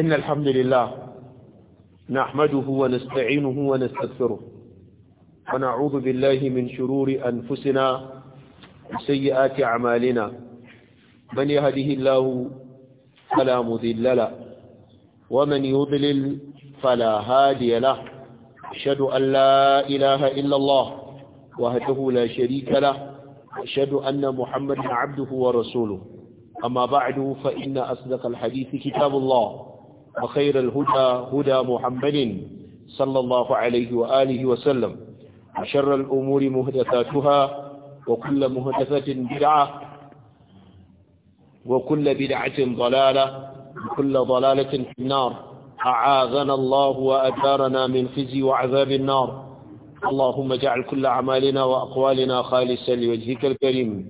إن الحمد لله نحمده ونستعينه ونستغفره ونعوذ بالله من شرور أنفسنا وسيئات أعمالنا من يهده الله فلا مذل له ومن يضلل فلا هادي له أشهد أن لا إله إلا الله وهده لا شريك له أشهد أن محمدا عبده ورسوله أما بعد فإن أصدق الحديث كتاب الله وخير الهدى هدى محمد صلى الله عليه وآله وسلم وشر الأمور مهدثاتها وكل مهدثة بدعة وكل بدعة ضلالة وكل ضلالة في النار أعاذنا الله وأدارنا من خزي وعذاب النار اللهم اجعل كل أعمالنا وأقوالنا خالصا لوجهك الكريم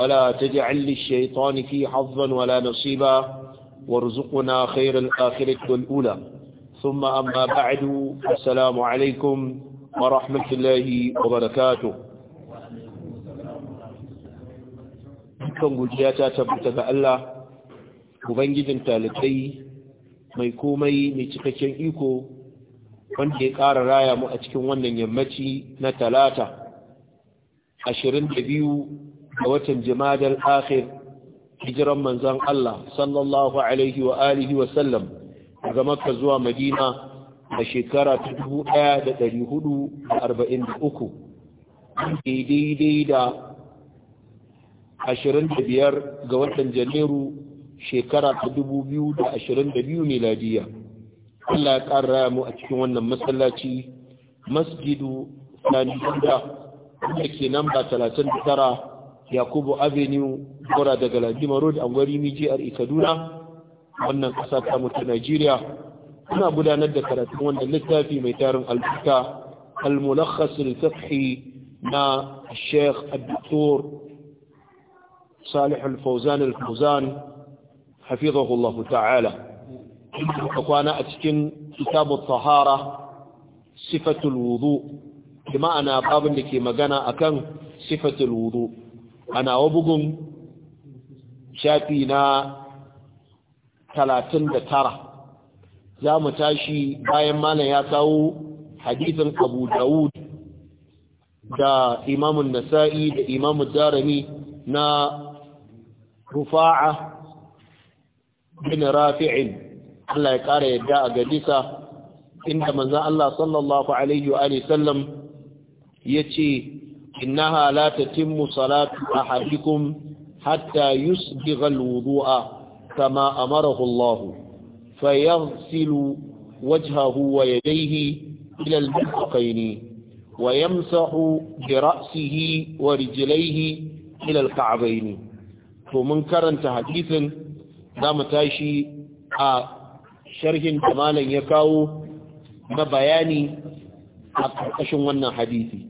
ولا تجعل للشيطان في حظا ولا نصيبا وارزقنا خير الآخرة والأولى ثم أما بعد السلام عليكم ورحمة الله وبركاته kan gujiya ta tabbata ga Allah ubangijin talibai mai komai mai cikakken iko wanda ya ƙara raya mu a cikin wannan yammaci na talata 22 ga watan jimadar akhir hijiran manzan Allah sallallahu alaihi wa alihi wa sallam daga Makka zuwa Madina a shekara ta 1443 daidai da 25 ga watan Janairu shekara ta 2022 miladiya Allah ya ƙara mu a cikin wannan masallaci masjidu Sani Bunda wanda ke namba 39 yakubu avenue bora daga ladima road angwari mijiyar kaduna wannan ƙasa ta mutu najeriya muna gudanar da karatun wannan littafi mai tarin albuta al-mulakhas fiqhi na Sheikh Abdur Salih Al-Fawzan Al-Fawzan hafizahullahu ta'ala kwana a cikin kitab tahara sifatul wudu bima'ana babin da ke magana akan sifatul wudu a wa bugun shafi na talatin da tara za mu tashi bayan malam ya kawo hadithin abu dawud da imamun nasa'i da imamun Jarumi na rufa'a bin rafi'in Allah ya ƙara yadda a gadisa inda manzan Allah sallallahu Alaihi wa sallam ya ce innaha la tatimmu salatu ahadikum hatta yusbigha alwudu'a kama amarahu Allah fayaghsilu wajhahu wa yadayhi ila almirfaqayn wa yamsahu bi ra'sihi wa rijlayhi ila alka'bayn to mun karanta hadisin zamu tashi a sharhin da malam ya kawo na bayani a ƙarƙashin wannan hadisi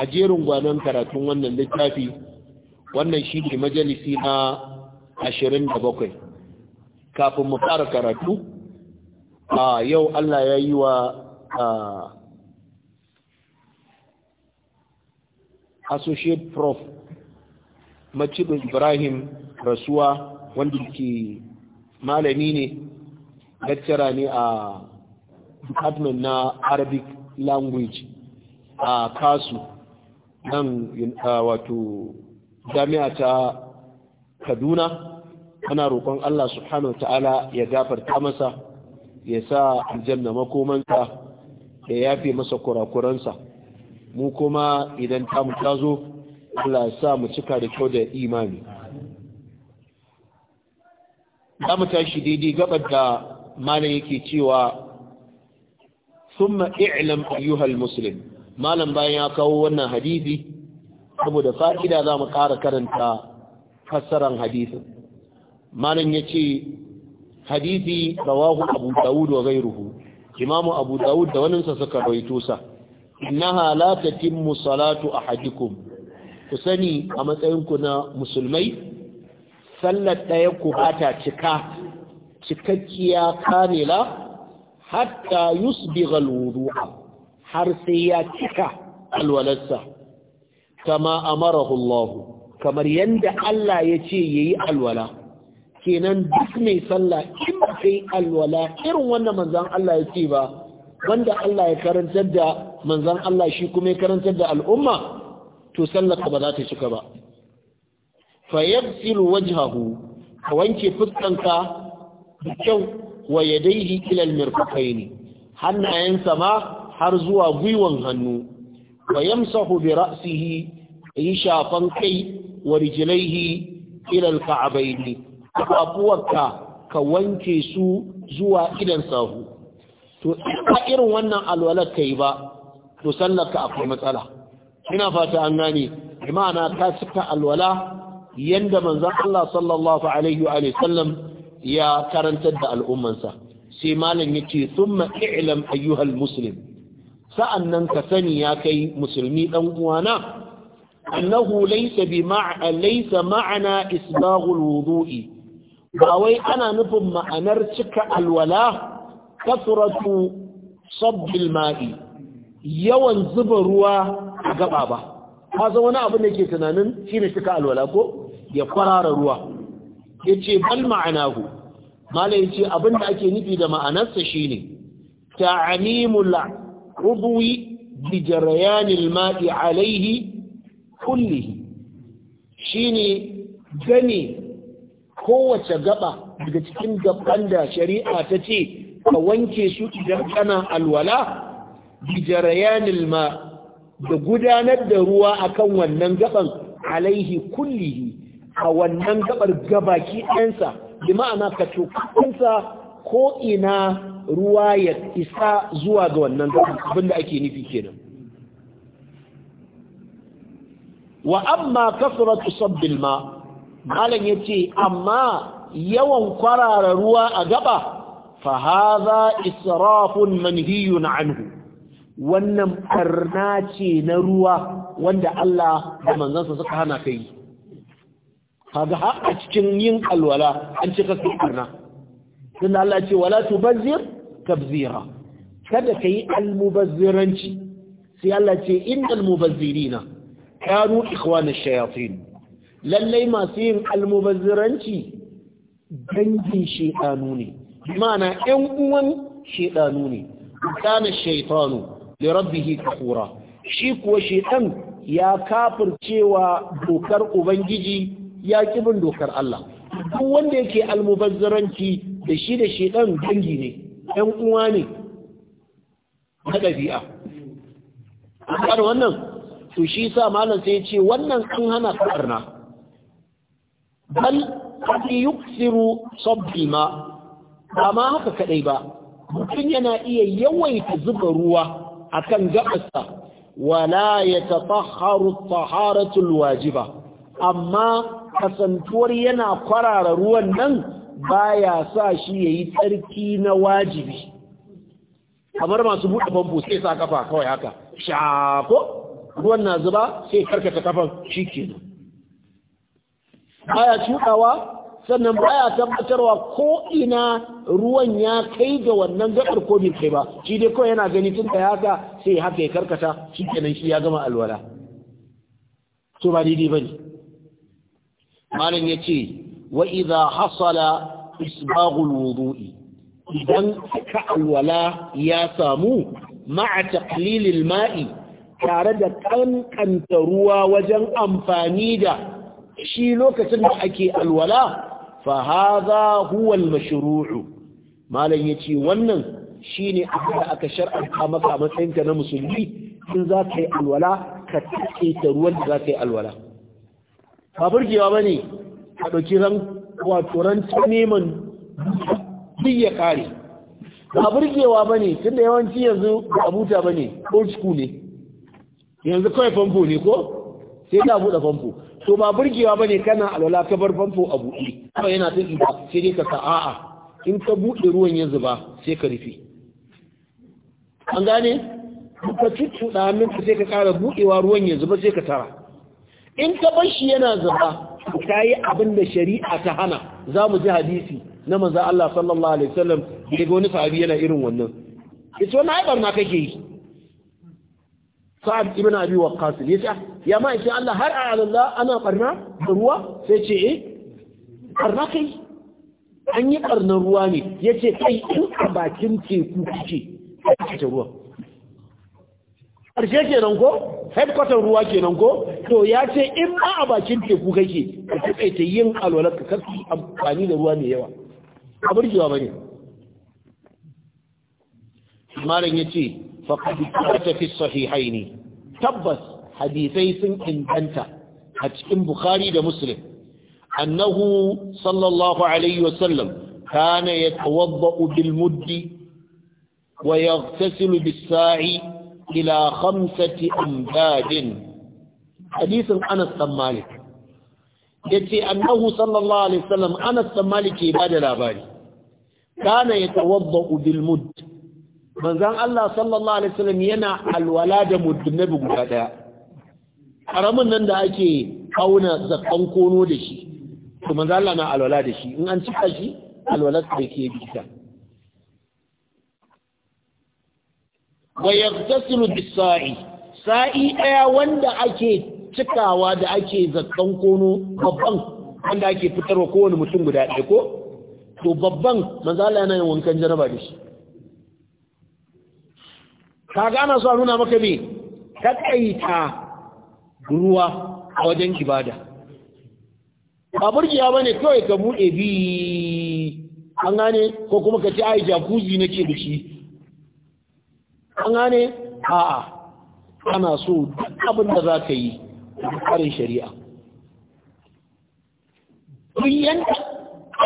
a jerin gwanon karatun wannan littafi wannan shi ne majalisi na ashirin da bakwai. kafin mu fara karatu a yau Allah ya yi wa associate prof macibu ibrahim rasuwa wanda ke malami ne lecturer ne a department na arabic language a kasu nan wato jami'a ta kaduna ana roƙon Allah subhanahu wa ta'ala ya gafarta masa ya sa aljanna makomansa ya yafe masa kurakuransa mu kuma idan ta mu tazo Allah ya sa mu cika da kyau da imani za mu tashi daidai gabar da malam yake cewa summa i'lam ayyuhal muslim malam bayan ya kawo wannan hadisi saboda fa'ida za mu ƙara karanta fassaran hadisin malam ya ce hadisi rawahu abu dawud wa gairuhu imamu abu dawud da waninsa suka rawaito sa innaha la tatimmu salatu ahadikum ku sani a matsayinku na musulmai sallar ɗaya ku bata cika cikakkiya kamila hatta yusbighal wudu'a har sai ya cika alwalarsa kama amarahu kamar yadda Allah ya ce yayi alwala kenan duk mai sallah in kai alwala irin wanda manzan Allah ya ce ba wanda Allah ya karantar da manzan Allah shi kuma ya karantar da al'umma to sallar ba za ta cika ba fa yaghsilu wajhahu ka wanke fuskanka da kyau wa yadayhi ila mirfaqaini hannayensa ma har zuwa gwiwan hannu wa yamsahu bi ra'sihi yi shafan kai wa rijlaihi ila al-ka'bayn kafuwarka ka wanke su zuwa idan sahu to ba irin wannan alwalar kai ba to sallarka akwai matsala ina fata an gane imana ta cika alwala yanda manzon Allah sallallahu alaihi wa sallam ya karantar da al'ummansa sai malam yace thumma i'lam ayyuhal muslim sa'an nan ka sani ya kai musulmi ɗan uwana annahu laisa bi ma'a ma'ana isbaghul wudu'i ba wai ana nufin ma'anar cika alwala suratu sabbil ma'i yawan zuba ruwa a gaba ba kaza wani abin da ke tunanin shi ne cika alwala ko ya kwarara ruwa Ya ce bal ma'anahu mala ce abin da ake nufi da ma'anarsa shine ta'amimul udwi bi jarayanil ma'i alaihi kullihi shine gane kowace gaba daga cikin gaban da shari'a ta ce ka wanke su idan kana alwala bi jarayanil ma da gudanar da ruwa akan wannan gaban alaihi kullihi a wannan gabar gabaki ɗansa bi ma'ana ka tokansa ko ina ruwa ya isa zuwa ga wannan abinda ake nufi kenan wa amma kasratu sabbil ma malam yace amma yawan kwarara ruwa a gaba fa hadha israfun manhiyun anhu wannan karna ce na ruwa wanda Allah da manzansa suka hana kai kaga har a cikin yin alwala an ce kasu karna tun Allah ce wala tubazzir tabzira kada ka yi almubazziranci sai Allah ce innal mubazzirina kanu ikhwana shayatin lallai masu yin almubazziranci dangin shedanu ne mana 'yan uwan shedanu ne kana shaytanu li rabbihi kafura shi kuwa shedan ya kafircewa dokar ubangiji ya kibin dokar Allah duk wanda yake almubazziranci da shi da shi ɗan dangi ne ɗan uwa ne na ɗabi'a A an wannan to shi sa malam sai ce wannan an hana ƙarna bal qad yuksiru sabbi ma ba ma haka kaɗai ba mutum yana iya yawaita zuba ruwa a kan gabasa wala ya tatahharu taharatul wajiba amma kasantuwar yana kwarara ruwan nan baya sa shi yayi tsarki na wajibi kamar masu buɗe famfo sai sa kafa kawai haka shafo ruwan na zuba sai karkata kafan shikenan baya cuɗawa sannan baya tabbatarwa ko ina ruwan ya kai ga wannan gabar ko bai kai ba shi dai kawai yana gani tun da haka sai haka ya karkata shikenan shi ya gama alwala to ba daidai bane malam yace wa hasala isbaghul wudu'i idan ka alwala ya samu ma'a taqlilil tare da ƙanƙanta ruwa wajen amfani da shi lokacin da ake alwala fa hadha huwa al-mashru'u malam yace wannan shine abin da aka shar'anta maka na musulmi in za ka yi alwala ka take ta ruwan da za ka yi alwala ba burgewa bane a ɗauki ran wato ran ta neman biya ya kare ba burgewa ba ne da yawanci yanzu ba a buta ba ne old school ne yanzu kawai famfo ne ko sai ta buɗe famfo to ba burgewa ba ne kana alwala ka bar famfo a buɗe kawai yana ta ɗiba sai dai ka sa a'a in ka buɗe ruwan ya zuba sai ka rufe an gane ka cuccuɗa hannunka sai ka ƙara buɗewa ruwan ya zuba sai ka tara in ka bar shi yana zuba ka yi abin da shari'a ta hana za mu ji hadisi na manzan Allah sallallahu alaihi wasallam da ga wani sahabi yana irin wannan ita wani aibar na kake yi sa'ad ibn abi waqqas ne ta ya ma ce Allah har a Allah ana barna ruwa sai ce eh barna kai an yi barnar ruwa ne yace kai in a bakin teku kake ka ruwa ƙarshe kenan ko headquarter ruwa kenan ko to ya ce in ma a bakin teku kake ka taƙaita yin alwalar ka kasu amfani da ruwa mai yawa a burgewa bane malam ya ce faƙaɗi ta fi sahihai ne tabbas hadisai sun inganta a cikin bukhari da muslim annahu sallallahu alaihi wasallam kana ya tawadda bil muddi wa yaghtasilu bis bisa'i? ila khamsati amdadin hadisin Anas bin Malik yace annahu sallallahu alaihi wasallam Anas bin Malik ke bada labari kana yatawadda bil mudd manzon Allah sallallahu alaihi wasallam yana alwala da mudd nabi guda daya karamin nan da ake kauna zakan kono da shi kuma manzon na alwala da shi in an cika shi alwalar da ke bisa wa yaghtasilu bis-sa'i sa'i daya wanda ake cikawa da ake zakkan kono babban wanda ake fitarwa kowane mutum guda ɗaya ko to babban manzala yana yin wankan jaraba da shi kaga ana so a nuna maka me takaita ruwa a wajen ibada ba burgiya bane kawai ka bude bi an gane ko kuma ka ci ai jacuzzi nake da shi an gane a'a ana so duk abin da za ka yi da tsarin shari'a duk yanda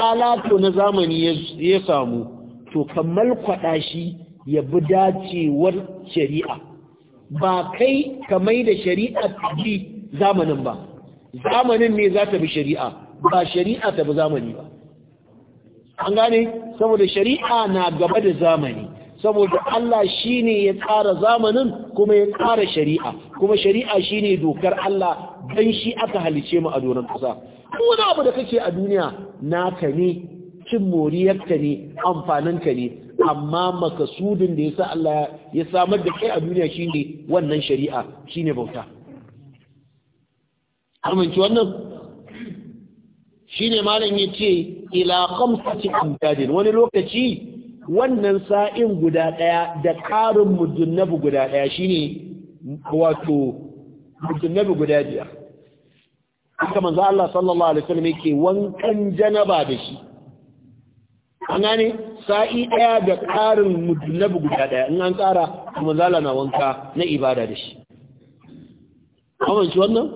alato na zamani ya samu to kammal kwaɗa shi ya bi dacewar shari'a ba kai kamai da shari'a ta bi zamanin ba zamanin ne za ta bi shari'a ba shari'a ta bi zamani ba an gane saboda shari'a na gaba da zamani saboda Allah shi ne ya tsara zamanin kuma ya tsara shari'a kuma shari'a shine dokar Allah dan shi aka halice mu a doron kasa wani abu da kake a duniya naka ne cin moriyarka ne amfaninka ne amma makasudin da yasa Allah ya samar da kai a duniya shine wannan shari'a shine bauta amince wannan shine malam yace ila khamsati amdadin wani lokaci wannan sa'in guda ɗaya da ƙarin mujannabu guda ɗaya shine wato mujannabu guda biyar haka manzo Allah sallallahu alaihi wasallam yake wankan janaba da shi an gane sa'i ɗaya da ƙarin mujannabu guda ɗaya in an ƙara manzo Allah na wanka na ibada da shi shi wannan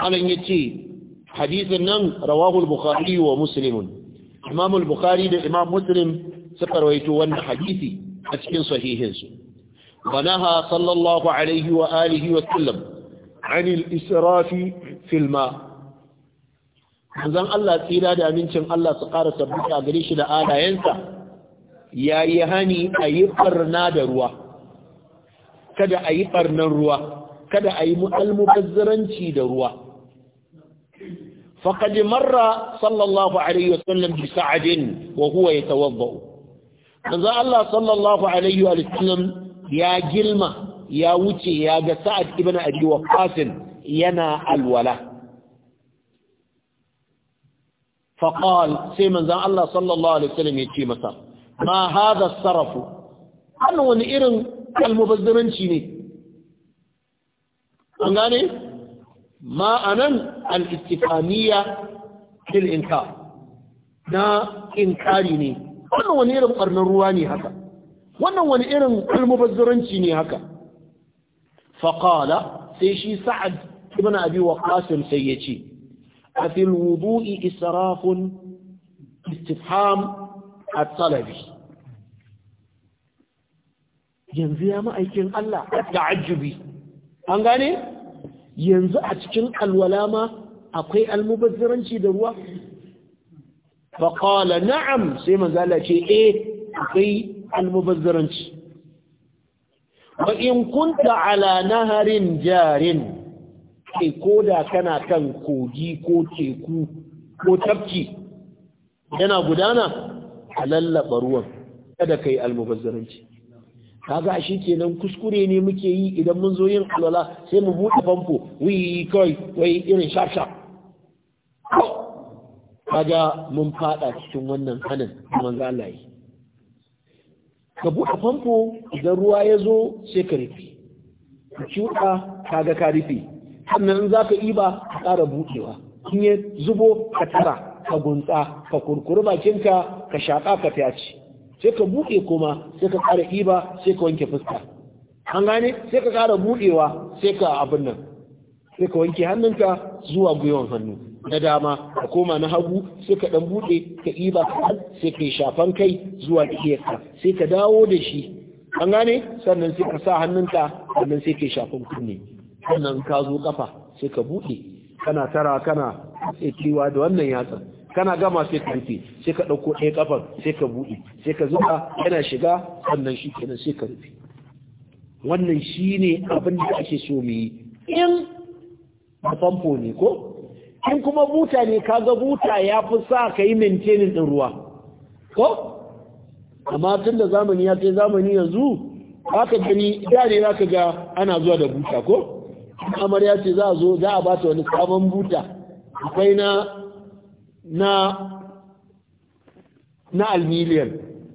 anan yace hadisin nan rawahul bukhari wa muslimun Imam al-Bukhari da Imam Muslim suka rawaito wannan hadisi a cikin sahihinsu. Banaha sallallahu alaihi wa alihi wa sallam an al-israfi fil ma. Manzon Allah tsira da amincin Allah su ƙara tabbata gare shi da alayensa yayi hani a yi barna da ruwa. Kada a yi barnan ruwa, kada a yi almubazzaranci da ruwa. فقد مر صلى الله عليه وسلم بسعد وهو يتوضأ manzo Allah sallallahu alaihi wa sallam ya gilma ya wuce ya ga Sa'ad ibn Abi Waqqas yana alwala faqal sai manzo Allah sallallahu alaihi wa sallam yace masa ma hadha sarf an wani irin almubazzaranci ne an gane ma anan al-istifhamiyya lil na inkari ne wannan wani irin barnar ruwa ne haka wannan wani irin almubazzaranci ne haka faqala sai shi sa'ad ibn abi waqas sai yace fil wudu'i israfun istifham a talabi yanzu ya ma'aikin Allah ta'ajjubi an gane yanzu a cikin alwala ma akwai almubazziranci da ruwa faƙala na'am sai manzala ce eh akwai almubazzaranci wa in kunta ala naharin jarin kai ko da kana kan kogi ko teku ko tafki yana gudana a lallaɓa ruwan kada kai almubazzaranci kaga shi kenan kuskure ne muke yi idan mun zo yin alwala sai mu buɗe famfo wii kawai wai irin sha sha kaga mun fada cikin wannan hanin manzo Allah yi ka buɗe famfo idan ruwa ya zo sai ka rufe ka cuta kaga ka rufe sannan in za ka iba ka ƙara buɗewa in ya zubo ka tara ka gunta ka kurkuri bakinka ka shaƙa ka fyaci sai ka buɗe kuma sai ka ƙara ɗiba sai ka wanke fuska an gane sai ka ƙara buɗewa sai ka abin nan sai ka wanke hannunka zuwa gwiwan hannu na dama ka koma na hagu sai ka ɗan buɗe ka ɗiba kaɗan sai ka shafan kai zuwa ɗiyarka sai ka dawo da shi an gane sannan sai ka sa hannunka sannan sai ka yi shafan kunne sannan ka zo ƙafa sai ka buɗe kana tara kana tsekewa da wannan yatsan kana gama sai ka rufe sai ka ɗauko ɗaya ƙafar sai ka buɗe sai ka zuba yana shiga wannan shi kenan sai ka rufe wannan shi ne abin da ake so mu yi in a famfo ne ko in kuma buta ne kaga buta ya fi sa ka yi maintaining ɗin ruwa ko amma tun da zamani ya kai zamani yanzu haka gani da ne za ka ga ana zuwa da buta ko amarya ce za a zo za a bata wani sabon buta akwai na na na almiliyan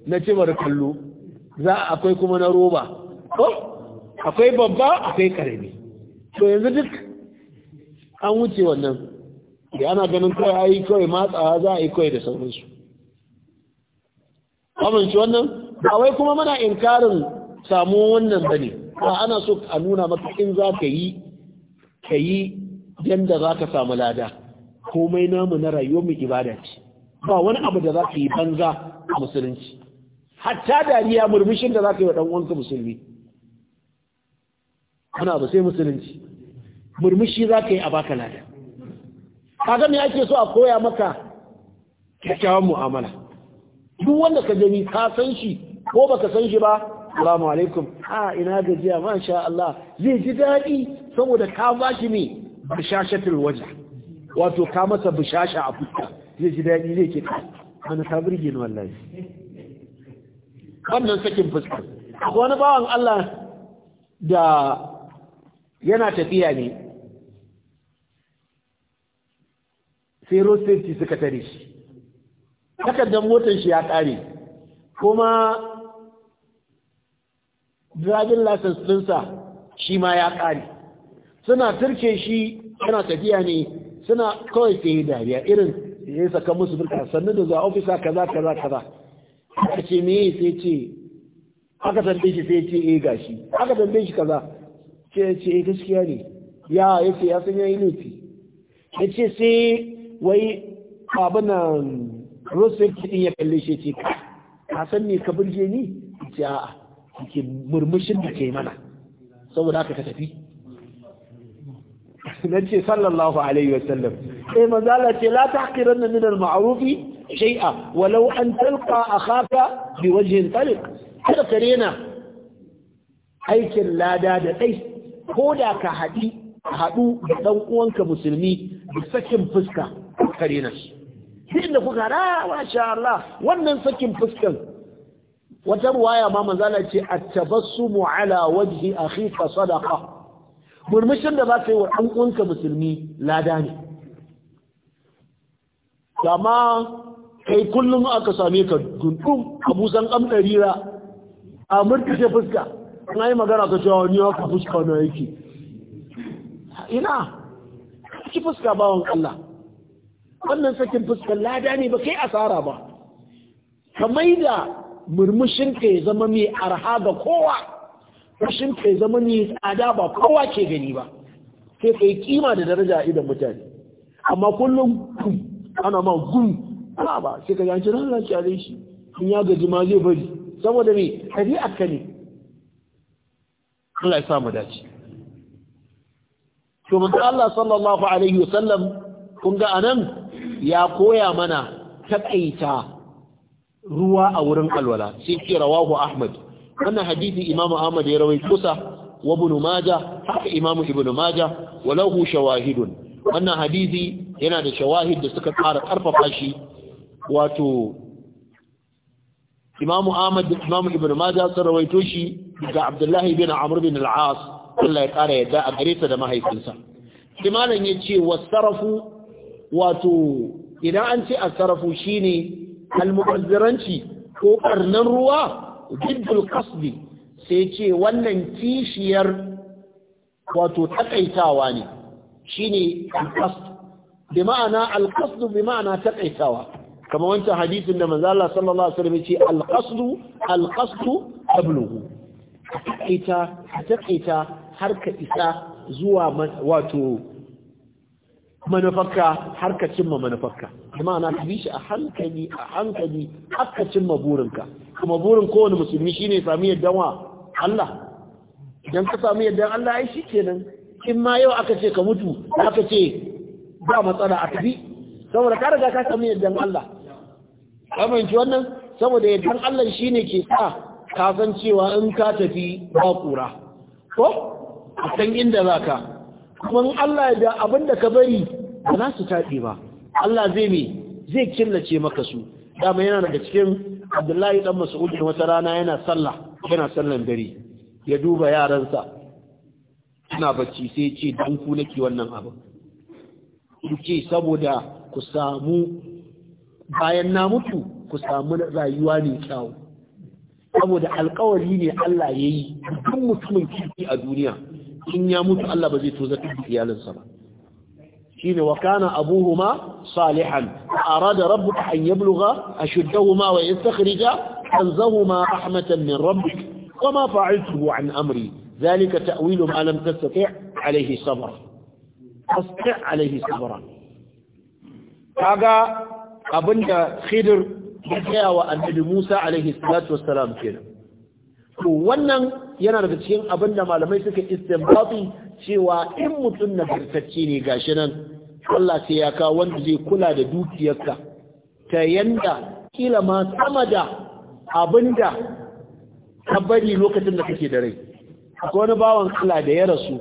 na cimar kallo za akwai kuma na roba ko akwai babba akwai karami to yanzu duk an wuce wannan da ana ganin kawai a yi kawai matsawa za a yi kawai da sauransu amince wannan ba wai kuma mana inkarin samu wannan ba ne ba ana so a nuna maka in za ka yi ka yi yadda za ka samu lada komai namu na rayuwar mu ibada ce ba wani abu da za ka yi banza a musulunci hatta dariya murmushin da za ka yi wa dan musulmi wani abu sai musulunci murmushi za ka yi a baka lada kaga me ake so a koya maka kyakkyawan mu'amala duk wanda ka gani ka san shi ko baka san shi ba assalamu alaikum a ina gajiya masha Allah zai ji daɗi saboda ka bashi ne bashashatul wajh wato ka masa bushasha a fuska zai ji daɗi zai ce wani ta birge ni wallahi wannan sakin fuska wani bawan Allah da yana tafiya ne sai safety suka tare shi takardar motar shi ya ƙare kuma driving license ɗinsa shi ma ya ƙare suna turke shi yana tafiya ne suna kawai sai yi dariya irin ya saka musu birka sannu da zuwa ofisa kaza kaza kaza ka ce me sai ce aka tambe shi sai ce eh gashi aka tambe shi kaza ce ce eh gaskiya ne ya ce ya san yayi Ya ce sai wai abinan rosek din ya kalle shi ce ka san me ka burge ni ce a, kike murmushin da ke mana saboda haka ka tafi na ce sallallahu alaihi wasallam sai eh, manzala ce la tahqiranna min al-ma'rufi shay'a walau an talqa akhaka bi wajhin kada ka rena aikin lada da dai ko da ka haɗi haɗu da ɗan uwanka musulmi da sakin fuska ka shi inda kuka ra masha Allah wannan sakin fuskan wata ruwaya ma manzala ce at-tabassumu ala wajhi akhika sadaqa murmushin da za ka yi wa ɗan uwanka musulmi lada ne amma kai kullum aka same ka gundum abusan ra. a murkushe fuska na yi magana ka cewa ni haka fuska na yake ina ki fuska bawan Allah wannan sakin fuskar lada ne ba kai asara ba ka maida murmushinka ya zama mai arha ga kowa rashin kai zama ne tsada ba kowa ke gani ba sai kai kima da daraja a idan mutane amma kullum ana ma gum ana ba sai ka yanci ran lafiya dai shi in ya gaji ma zai bari saboda me ɗabi'ar ka ne Allah ya sa mu dace to manzo Allah sallallahu alaihi wasallam kun ga anan ya koya mana taƙaita ruwa a wurin alwala sai ki rawahu Ahmad wannan hadisi imamu ahmad ya rawai kusa wa ibn majah haka imamu ibn majah shawahidun wannan hadisi yana da shawahid da suka ƙara karfafa shi wato imamu ahmad da imamu ibn majah sun rawaito shi daga abdullahi bin amr bin al-as Allah ya yadda a gare sa da mahaifinsa kimanin yace wasarafu wato idan an ce asarafu shine almubazziranci ko karnan ruwa jiddul kasbi sai ce wannan kishiyar wato takaitawa ne shine al-Qas. alqasd bi ma'ana alqasd bi ma'ana takaitawa kama wancan hadisin da manzo Allah sallallahu alaihi wasallam ya ce al alqasd ablughu takaita takaita har ka isa zuwa wato manufarka har ka cimma manufarka bi ma'ana ka bi shi a hankali a hankali har ka cimma burinka kuma burin kowane musulmi shine ya sami yaddan wa Allah idan ka sami yaddan Allah ai shikenan in ma yau aka ce ka mutu aka ce ba matsala a tafi saboda ka riga ka sami yaddan Allah amince wannan saboda yaddan Allah shine ke sa ka san cewa in ka tafi ba kura ko a san inda zaka kuma in Allah da abinda ka bari ba za su tafi ba Allah zai me zai killace maka su dama yana daga cikin abdullahi dan mas'ud wata rana yana sallah yana sallan dare ya duba yaransa suna bacci sai ce dan ku nake wannan abu ce saboda ku samu bayan na mutu ku samu rayuwa ne kyau saboda alkawari ne Allah ya yi duk mutumin kiki a duniya in ya mutu Allah ba zai tozartar da iyalinsa ba shine wa kana abuhuma salihan arada rabbuka an yablugha ashuddahuma wa yastakhrija kanzahuma rahmatan min rabbik wama fa'altuhu an amri ذلك تأويل ما لم تستطع عليه صبر تستطع عليه صبرا kaga abinda khidir ya tsaya wa annabi Musa alaihi salatu wassalam kenan to wannan yana daga cikin abinda malamai suka istinbati cewa in mutum nagartacce ne gashi nan Allah sai ya kawo wanda zai kula da dukiyarka ta yanda kila ma sama da abinda ka bari lokacin da kake da rai akwai wani bawan Allah da ya rasu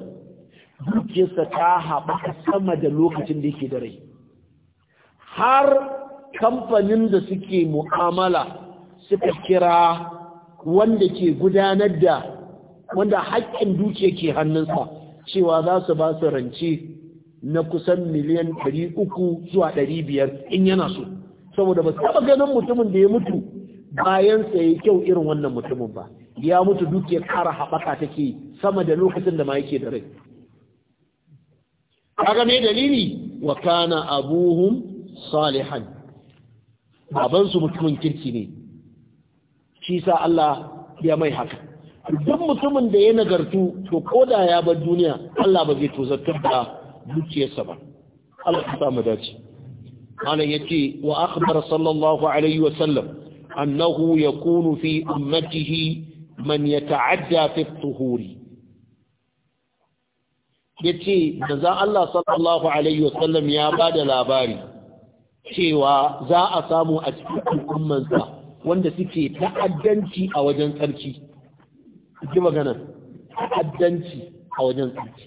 dukiyarsa ta haɓaka sama da lokacin da yake da rai har kamfanin da suke mu'amala suka kira wanda ke gudanar da wanda haƙƙin dukiya ke hannunsa cewa za su ba su rance na kusan miliyan 300 zuwa 500 in yana so saboda ba taba ganin mutumin da ya mutu bayan sa ya kyau irin wannan mutumin ba ya mutu duk ya kara haɓaka take sama da lokacin da ma yake da rai kaga me dalili wa kana abuhum salihan baban mutumin kirki ne shi sa Allah ya mai haka duk mutumin da ya nagartu to koda ya bar duniya Allah ba zai tozartar da dukiyarsa ba Allah ya samu dace ya ce wa akhbar sallallahu alaihi wa sallam annahu yakunu fi ummatihi man yata'adda fi tuhuri yace da za Allah sallallahu alaihi wa sallam ya bada labari cewa za a samu a cikin ummansa wanda suke ta'addanci a wajen tsarki ji magana ta'addanci a wajen tsarki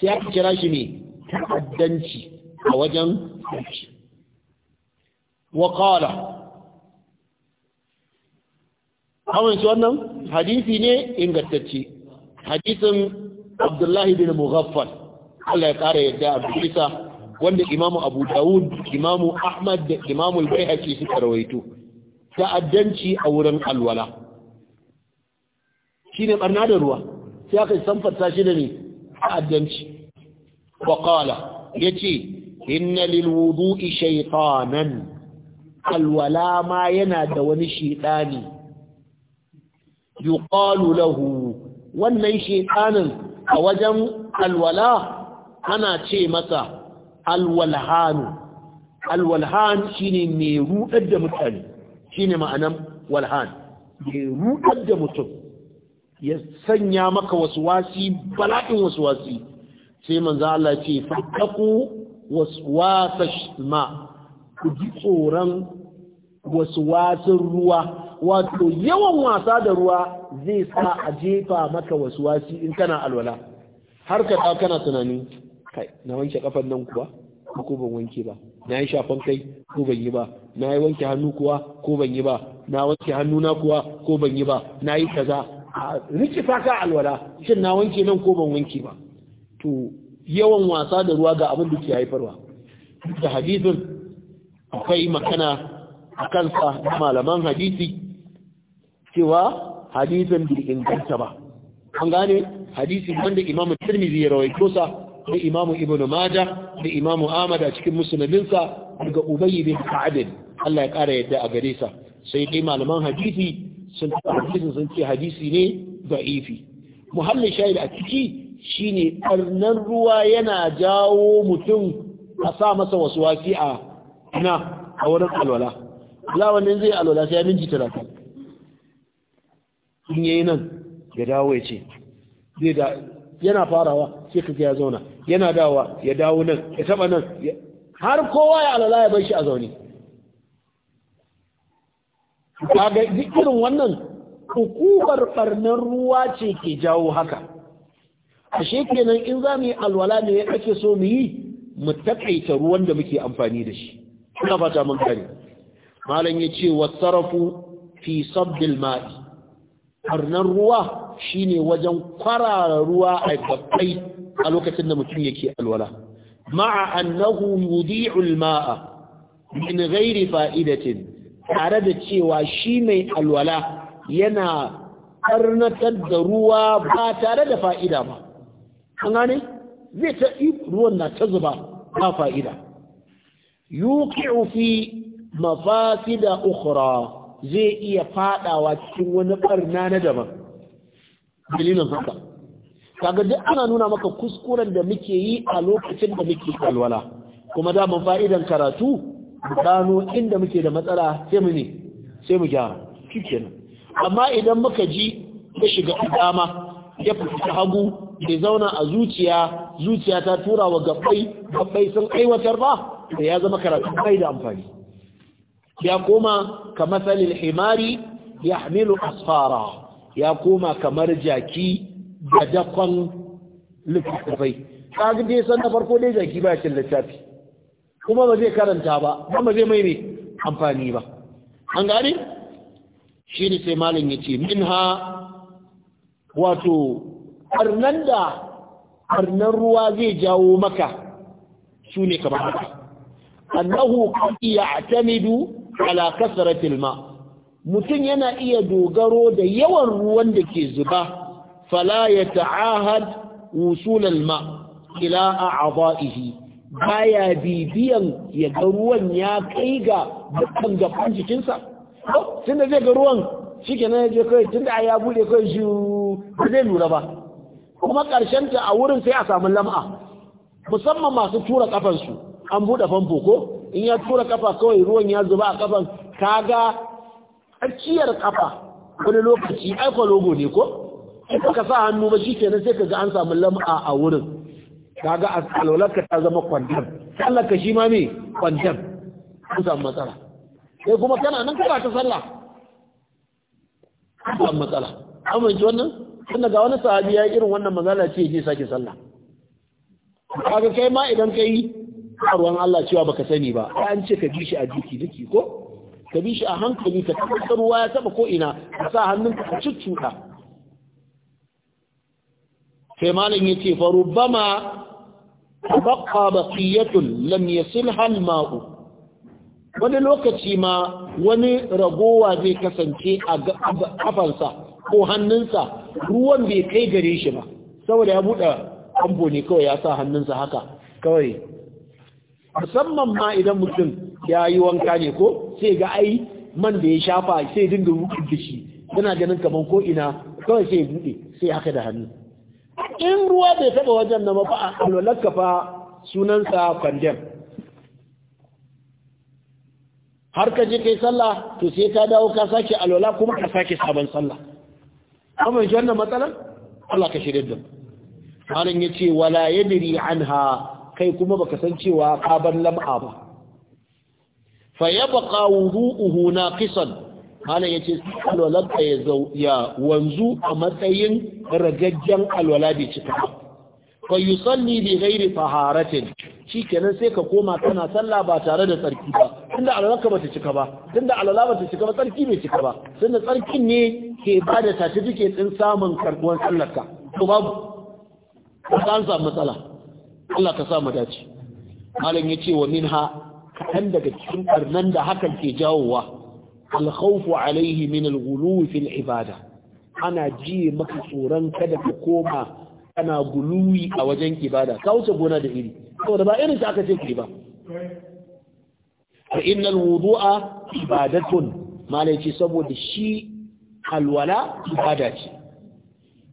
sai aka kira shi ne ta'addanci a wajen tsarki wa hawan shi wannan hadisi ne ingantacce hadisin abdullahi bin mughaffal Allah ya kara yadda a bisa wanda imamu abu dawud imamu ahmad da imamu al su suka rawaito ta'addanci a wurin alwala shine barna da ruwa sai aka samfarta shi da ne ta'addanci wa qala yace inna lil wudu'i shaytanan alwala ma yana da wani shiɗani, yuqalu lahu wannan shedanin a wajen alwala ana ce masa alwalhanu alwalhan shine mai rudar da mutane ma'anan walhan mai ruɗar da mutum ya sanya maka wasu wasi bala'in wasu wasi sai manzo Allah ce fattaku waswasash ma ku ji tsoron wasin ruwa wato yawan wasa da ruwa zai sa a jefa maka wasi in kana alwala har ka ta kana tunani kai na wanke kafan nan kuwa ko ban wanke ba na yi shafan kai ko ban yi ba na yi wanke hannu kuwa ko ban yi ba na wanke hannuna kuwa ko ban yi ba na yi kaza a faka ka alwala shin na wanke nan ko ban wanke ba to yawan wasa da ruwa ga abin da ke haifarwa da hadisin akwai makana a kansa da malaman hadisi cewa hadithin bai inganta ba an gane hadisi wanda imam tirmidhi ya rawaito sa da imam ibn maja da imam ahmad a cikin musulminsa, daga ubayy bin ka'ab Allah ya kara yadda a gare sa sai dai malaman hadisi sun hadisin sun ce hadisi ne da'ifi muhallin shahid a ciki shine ɓarnar ruwa yana jawo mutum a sa masa wasu waki a na a wurin alwala lawannin zai alwala sai ya minci talatin in yayi nan ya dawo ya ce yana farawa sai ka ya zauna yana dawa ya dawo nan ya taba nan har kowa ya alwala ya bar shi a zaune kaga duk irin wannan hukumar barnar ruwa ce ke jawo haka A kenan in za mu yi alwala ne ya ake so mu yi mu takaita ruwan da muke amfani da shi ina fata mun kare malam ya yace wasarafu fi sabbil ma'i barnar ruwa shine wajen kwarara ruwa a babbai a lokacin da mutum yake alwala ma'a annahu yudi'ul maa min ghairi fa'idatin tare da cewa shi mai alwala yana karnatar da ruwa ba tare da fa'ida ba an gane zai ta ruwan na ta zuba ba fa'ida yuqi'u fi mafasida ukhra zai iya fadawa cikin wani ɓarna na daban dalilin haka kaga duk ana nuna maka kuskuren da muke yi a lokacin da muke alwala kuma da fa'idan karatu mu gano inda muke da matsala sai mu ne sai mu gyara shikenan amma idan muka ji ya shiga dama ya fita hagu bai zauna a zuciya zuciya ta tura wa gabbai gabbai sun aiwatar ba da ya zama karatu kai da amfani ya koma ka masalil himari ya hamilu asfara ya koma kamar jaki da dakon kafai. ka dai san na farko dai jaki ba shi littafi kuma ba zai karanta ba ba zai mai ne amfani ba an gane shi ne sai malam ya ce min ha wato ɓarnan da ɓarnan ruwa zai jawo maka su ne kamar haka annahu kan iya a ala alakasar ma mutum yana iya dogaro da yawan ruwan da ke zuba fala ya ta'ahad wusulal ma ila aba'ihi baya bibiyan ya ga ruwan ya kai ga dukkan gaban jikinsa tun da zai ga ruwan shi ke je kai, tun da ya bude kai shi ba zai lura ba kuma ƙarshen ta a wurin sai a samu lam'a musamman masu tura kafansu an buɗe famfo ko in ya tura kafa kawai ruwan ya zuba a kafan kaga tsakiyar kafa wani lokaci aiko logo ne ko in ka sa hannu ba shi kenan sai ka ga an samu lam'a a wurin kaga alwalarka ta zama kwandam ka shi ma me kwandam ku samu matsala sai kuma kana nan kana ta sallah ku samu matsala amma ji wannan tunda ga wani sahabi ya irin wannan magana ce a sake sallah kaga kai ma idan kai ruwan Allah cewa baka sani ba an ce ka ji shi a jiki duki ko ka bi shi a hankali ka tabbatar ruwa ya taba ko ina ka sa hannunka ka cucuka. sai malam yace fa rubbama tabaqqa baqiyatun lam yasilha al wani lokaci ma wani ragowa zai kasance a kafansa ko hannunsa ruwan bai kai gare shi ba saboda ya buɗe ambo ne kawai ya sa hannunsa haka kawai musamman ma idan mutum ya yi wanka ne ko sai ga ai man da ya shafa sai dinga rukun da yana ganin kamar ko'ina, ina kawai sai ya buɗe sai haka da hannu in ruwa bai taba wajen na mafa alwalarka fa sunansa kwandem har ka je kai sallah to sai ka dawo ka sake alwala kuma ka sake sabon sallah Kuma shi wannan matsalar Allah ka shirye da malam ce, wala yadri anha kai kuma baka san cewa ka bar lam'a ba fa yabqa wudu'uhu naqisan malam ya ce alwalarka ya wanzu a matsayin ragaggen alwala bai cika ba. fa bai gairi faharatin shi kenan sai ka koma kana sallah ba tare da tsarki ba tunda alwalarka bata cika ba tunda alwala bata cika ba tsarki bai cika ba tunda tsarkin ne ke ba da certificate din samun karbuwan sallarka to babu ka an samu matsala Allah ka sa mu dace malam ya ce wa minha kaɗan daga cikin ɓarnan da hakan ke jawowa alkhawfu alaihi min alghulu fil ibada ana ji maka tsoron kada ka koma kana guluwi a wajen ibada ka wuce gona da iri saboda ba irin ta aka ce ku ba fa innal wudu'a ibadatun malai ce saboda shi alwala ibada ce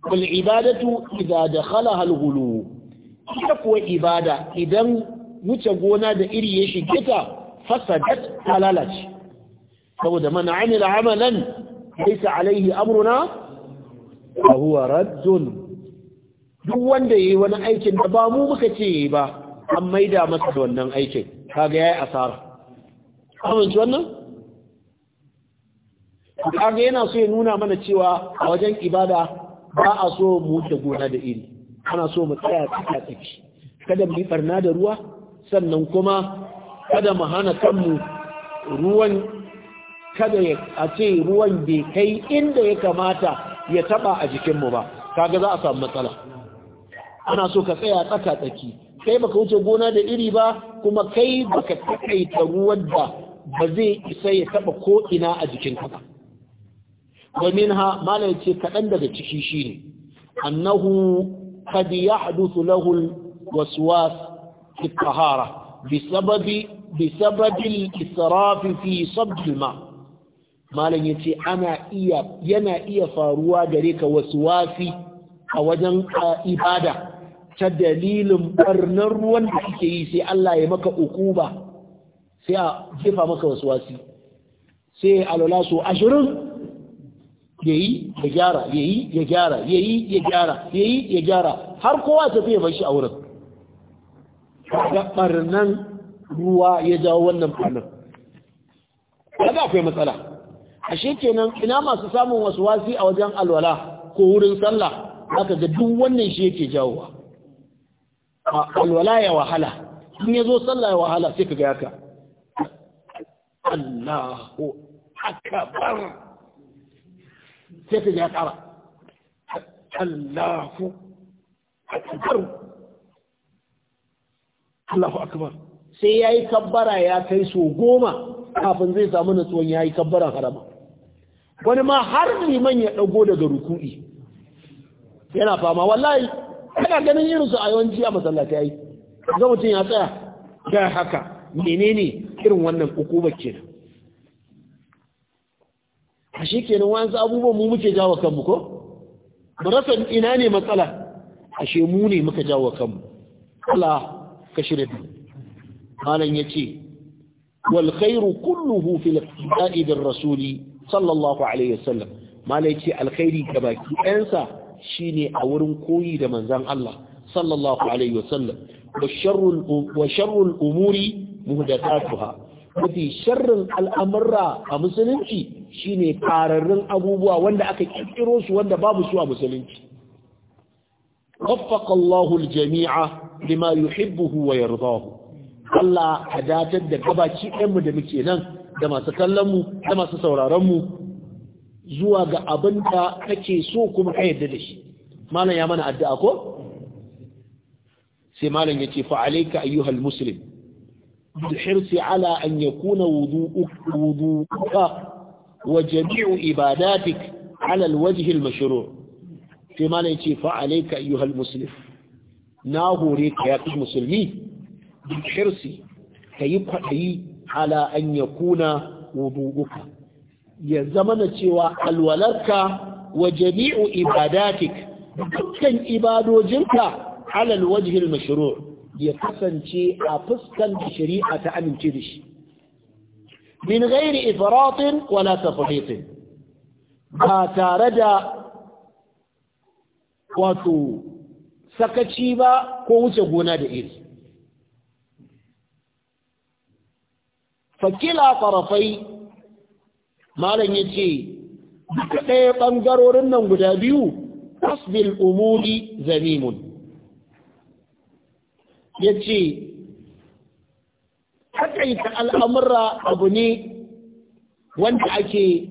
kul ibadatu idza dakhalaha alghulu ita kuwa ibada idan wuce gona da iri ya shige ta fasadat halalace saboda man amila amalan laysa alaihi amruna fa huwa raddun duk wanda yayi wani aikin da ba mu muka ce ba an maida masa da wannan aikin kaga yayi asara ji wannan kaga yana so ya nuna mana cewa a wajen ibada ba a so mu ta gona da iri ana so mu tsaya tsaka tsaki kada mu yi barna da ruwa sannan kuma kada mu hana kanmu ruwan kada ya a ce ruwan bai kai inda ya kamata ya taba a jikinmu ba kaga za a samu matsala ana so ka tsaya tsaka tsaki kai baka wuce gona da iri ba kuma kai baka takaita ruwan da ba zai isa ya taba ko ina a jikinka ba wa ha, mala ce kaɗan daga ciki shine annahu qad yahduthu lahu alwaswas fi tahara bisababi bisababi al-israf fi sabd ma malam ya ce ana iya yana iya faruwa gare ka wasu wafi a wajen ibada ta dalilin barnar ruwan da kake yi sai Allah ya maka ukuba sai a jefa maka wasu wasi sai alwala su ashirin ya yi ya gyara ya yi ya gyara ya yi ya gyara ya yi ya gyara har kowa ta bar shi a wurin ga barnan ruwa ya jawo wannan barnan kaga akwai matsala ashe kenan ina masu samun wasu wasi a wajen alwala ko wurin sallah haka ga duk wannan shi yake jawowa alwala ya wahala in ya zo sallah ya wahala sai ka ga haka Allahu akbar sai ka ga kara Allahu akbar Allahu akbar sai yayi kabbara ya kai so goma kafin zai samu nutsuwan yayi kabbaran harama wani ma har liman ya dago daga ruku'i yana fama wallahi kana ganin irin su a yawanci a masallaci ai ga mutum ya tsaya ga haka menene irin wannan ke kenan a shi kenan wa'ansu abubuwan mu muke jawo kanmu ko mu ina ne matsala ashe mu ne muka jawo kanmu Allah ka shirya da malan yace wal khairu kulluhu fil ibtida' rasuli sallallahu alaihi wasallam malai alkhairi ga baki ɗansa shine a wurin koyi da manzon Allah sallallahu alaihi wasallam wa sharrul wa umuri muhdathatuha mafi sharrin al'amurra a musulunci shine fararrun abubuwa wanda aka kirkiro su wanda babu su a musulunci وفق الله الجميع لما يحبه ويرضاه Allah a datar da gabaci ɗanmu da muke nan da masu kallonmu da masu sauraronmu zuwa ga abin da kake so kuma ka yarda da shi malam ya mana addu'a ko sai malam yace fa alayka ayyuhal muslim bil hirsi ala an yakuna wudu'uka wudu'uka wa jami'u ibadatik ala al wajh sai malam yace fa alayka ayyuhal muslim na hore ka ya musulmi bil hirsi kayi kwadayi ala an yakuna wudu'uka ya zama na cewa alwalarka wa jami'u ibadatik dukkan ibadojinka alal wajhil mashru' ya kasance a fuskan shari'a ta amince da shi min ghairi ifratin wala tafritin ba tare da wato sakaci ba ko wuce gona da iri fakila farafai, malam yace duka ɗaya ɓangarorin nan guda biyu asbil umuri Ya yace takaita al'amura abu ne wanda ake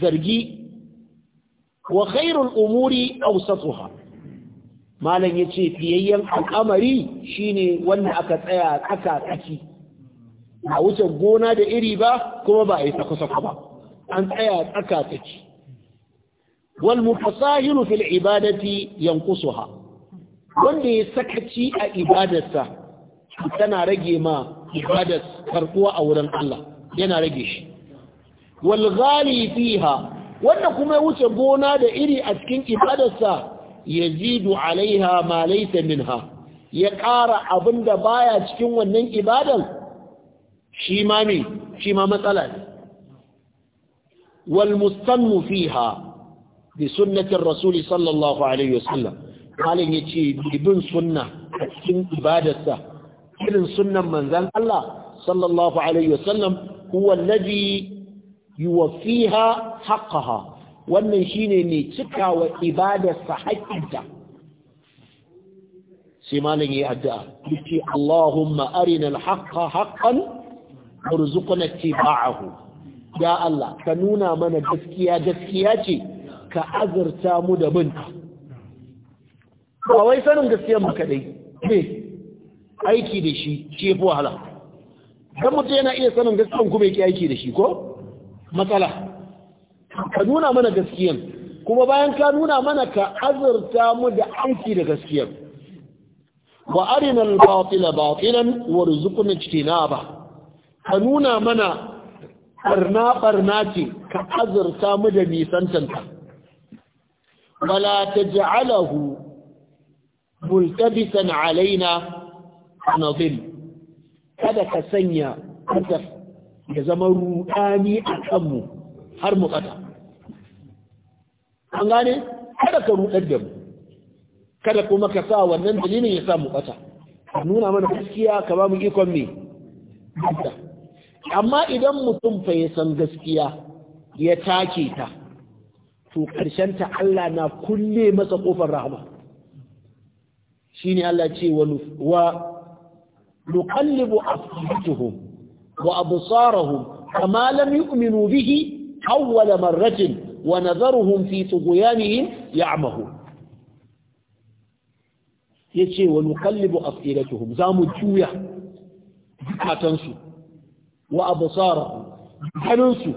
zargi wa khairul umuri awsatuha malam yace fiyayyen al'amari shine wanda aka tsaya tsaka tsaki A wuce gona da iri ba kuma ba a yi sako-sako ba an tsaya tsaka tsaki wal mutasahiru fil ibadati yanqusuha wanda ya sakaci a ibadarsa tana rage ma ibadar karkuwa a wurin Allah yana rage shi wal fiha wanda kuma ya wuce gona da iri a cikin ibadarsa yazidu alaiha ma min minha ya ƙara abinda baya cikin wannan ibadan شيمامي شيمامة ألال والمستن فيها بسنة الرسول صلى الله عليه وسلم قال يتي ببن سنة سن إبادته إذن سنة من ذلك الله صلى الله عليه وسلم هو الذي يوفيها حقها والنشين اللي تكا وإبادة صحيحة سيمان يأدى يتي اللهم أرنا الحق حقا warzuqna ittiba'ahu ya Allah ka nuna mana gaskiya gaskiya ce ka azurta mu da binta ba wai sanin gaskiyar mu kadai ne aiki da shi ce fi wahala dan mutum yana iya sanin gaskiyar kuma yake aiki da shi ko matsala ka nuna mana gaskiyar kuma bayan ka nuna mana ka azurta mu da aiki da gaskiyar wa arina al-batila batilan warzuqna ijtinaba ka nuna mana barna barna ce ka azurta mu da nisantanta wala taj'alahu multabisan alaina nadhil kada ka sanya kasar ya zama rudani a kanmu har mu kata an gane kada ka rudar da mu kada kuma ka sa wannan dalilin ya sa mu kata nuna mana gaskiya ka ba mu ikon me amma idan mutum fa ya san gaskiya ya take ta to ta Allah na kulle masa ƙofar rahama ne Allah ce wa nuqallibu afidatuhum wa absarahum kama lam yu'minu bihi awwal marratin wa nadharuhum fi tughyanihim ya'mahu yace wa nuqallibu afidatuhum zamu juya katansu. wa absarahum hannunsu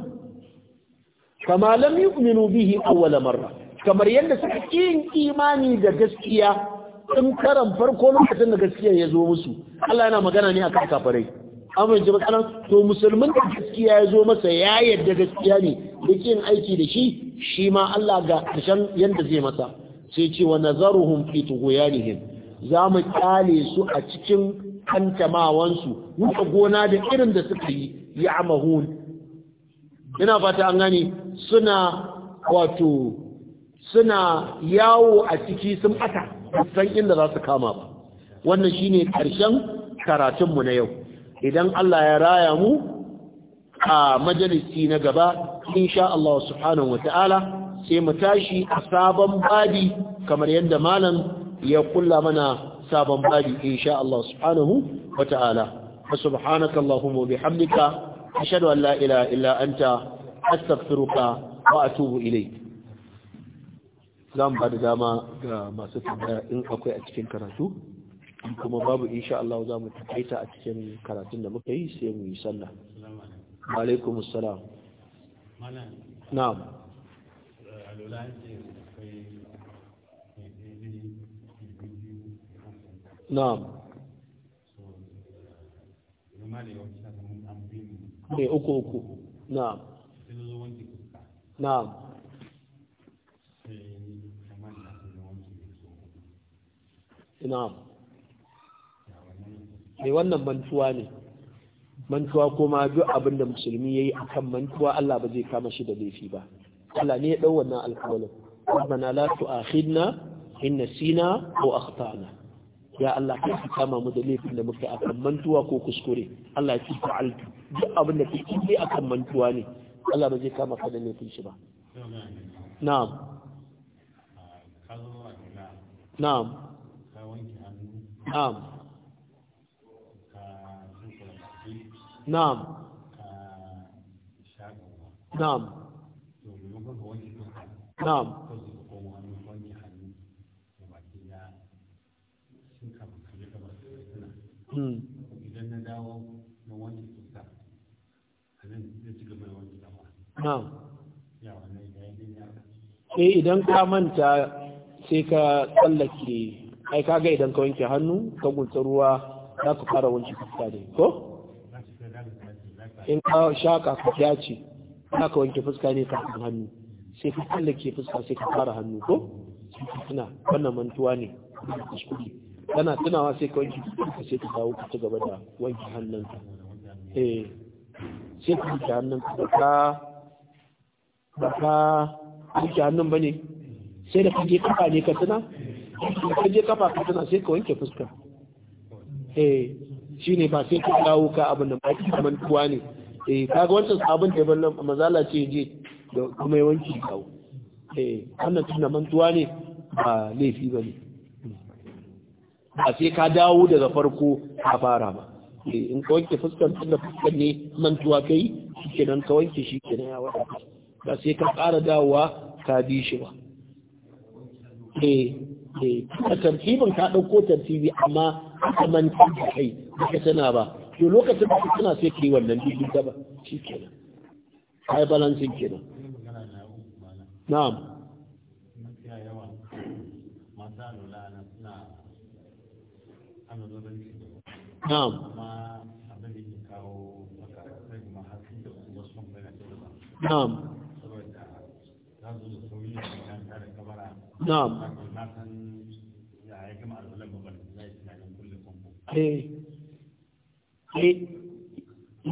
kama lam yu'minu bihi awwal marra kamar yadda suka yin imani da gaskiya in karan farko lokacin da gaskiya ya zo musu Allah yana magana ne akan kafirai amma ba matsalan to musulmin da gaskiya ya zo masa ya yadda gaskiya ne da yin aiki da shi shi ma Allah ga karshen yadda zai masa sai ce wa nazaruhum fi tughyanihim za mu kyale su a cikin kankamawansu wuce gona da irin da suka yi ya amahun ina fata an gani suna wato suna yawo a ciki sun ɓata san inda za su kama ba wannan shine ƙarshen karatunmu na yau idan Allah ya raya mu a majalisi na gaba insha Allah subhanahu ta'ala sai mu tashi a sabon badi kamar yadda malam ya kulla mana sabon babi insha Allah subhanahu wa ta'ala subhanaka allahumma wa bihamdika ashhadu an la ilaha illa anta astaghfiruka wa atubu ilayk zan ba da dama ga masu tambaya in akwai a cikin karatu kuma babu insha Allah za mu taƙaita a cikin karatun da muka yi sai mu yi sallah na'am ne eh, eh, uku uku na'am na'am na'am mai eh, wannan mantuwa ne mantuwa kuma duk abin da musulmi ya yi a kan mantuwa Allah ba zai kama shi da laifi ba Allah ne ya ɗau wannan alkawalin rabbana la tu'akhidna in nasina ko akhtana ya Allah ka kama mu da laifin da muka akan mantuwa ko kuskure Allah ya fi fa'altu duk abin da kake yi akan mantuwa ne Allah ba zai kama ka da laifin shi ba na'am na'am na'am na'am na'am na'am idan hmm. eh idan ka manta sai ka tsallake ai kaga idan ka wanke hannu ka gunta ruwa za ka fara wanke fuska ne ko in ka shaka ka ce za ka wanke fuska ne kafin hannu sai ka tsallake fuska sai ka fara hannu ko sai ka tuna wannan mantuwa ne kuskure kana tunawa sai ka wanke ka sai ka kawo ka ci gaba da wanke hannunka eh sai ka wanki hannunka da ka da ka wanki hannun bane sai da kaje kafa ne ka tuna ka je kafa ka tuna sai ka wanke fuska eh shine ba sai ka kawo ka abin da ba ki kaman tuwa ne eh kaga wancan sabon da ban mazala ce je da kuma yawanci kawo eh wannan tunan mantuwa ne ba laifi bane ba sai ka dawo daga farko a fara ba eh, in ka wanke fuskar da fuskar ne mantuwa kai nan ka wanke shi kenan ya wada ba sai ka ƙara dawowa ka bi shi ba eh, eh a tartibin ka ɗauko tartibi amma ka manta da kai ka sana ba to lokacin da kana sai yi wannan dindin ba shi nan ai balancing kenan na'am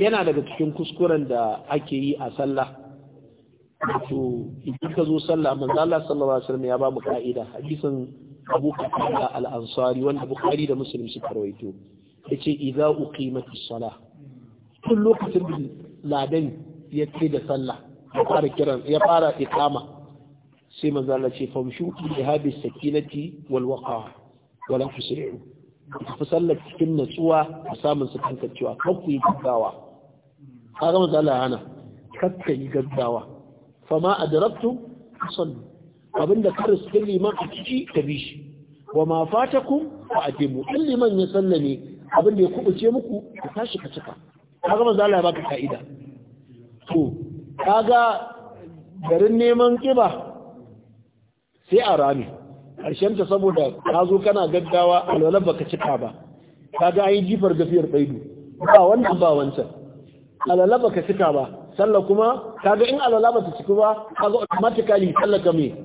yana daga cikin kuskuren da ake yi a sallah wato idan ka zo sallah manzo Allah sallallahu alaihi wasallam ya ba mu ka'ida hadisin abu qatada al-ansari wanda bukari da muslim suka rawaito yace idza uqimatis salah tun lokacin da ladan ya ce da sallah ya fara kiran ya fara iqama sai manzo Allah ce famshu bi hadi sakinati wal Wala wa la tusri'u sallar cikin natsuwa a samun su kanka cewa kar ku yi gaggawa kaga manzo Allah hana kar ka yi gaggawa fama adaraktu sallu abinda ka kalli liman a ciki ta bi shi wa ma a fa atimu in liman ya sallame abinda ya kubuce muku ka tashi ka cika kaga manzo Allah ya baka kaida to kaga garin neman kiba sai a rami karshen ta saboda ka zo kana gaggawa alwala baka cika ba kaga ayi jifar gafiyar baidu ba wannan ba wancan alwala baka cika ba sallah kuma kaga in alwala bata cika ba kaga automatically sallah ka me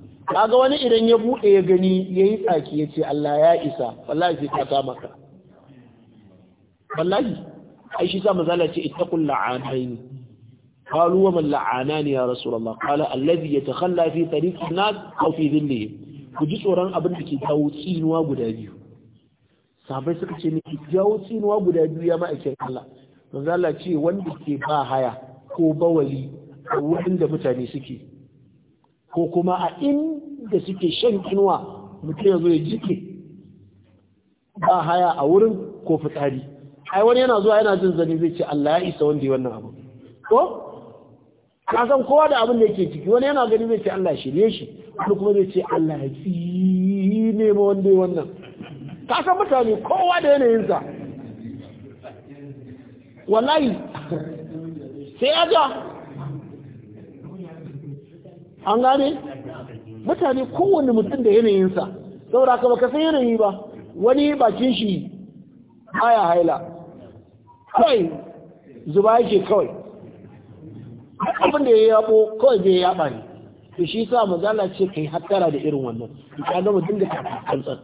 kaga wani idan ya buɗe ya gani ya yi tsaki ya ce Allah ya isa wallahi sai ta kama ka wallahi ai shi sa Manzala ce ittaqul la'anaini qalu wa man la'anani ya rasulullah qala allazi yatakhalla fi tariqin nas aw fi dhillihi ku ji tsoron abin da ke jawo tsinuwa guda biyu sabai suka ce miki jawo tsinuwa guda biyu ya ma'aikin Allah manzala ce wanda ke ba haya ko bawali a wurin da mutane suke ko kuma a inda suke shan inuwa mutum ya zo ya jike ba haya a wurin ko fitsari ai wani yana zuwa yana jin zane zai ce Allah ya isa wanda ya wannan abu ko ka san kowa da abin da yake ciki wani yana gani zai ce Allah shirye shi wani kuma zai ce Allah ya tsine nema wanda ya wannan ka san mutane kowa da yanayinsa wallahi sai ya an gane mutane kowane mutum da yanayinsa saboda ka baka san yanayi ba wani bakin shi baya haila kawai zuba yake kawai abin da ya yabo kawai zai yaba ne to shi sa mazala ce kai hattara da irin wannan ka ga mutum da tsantsan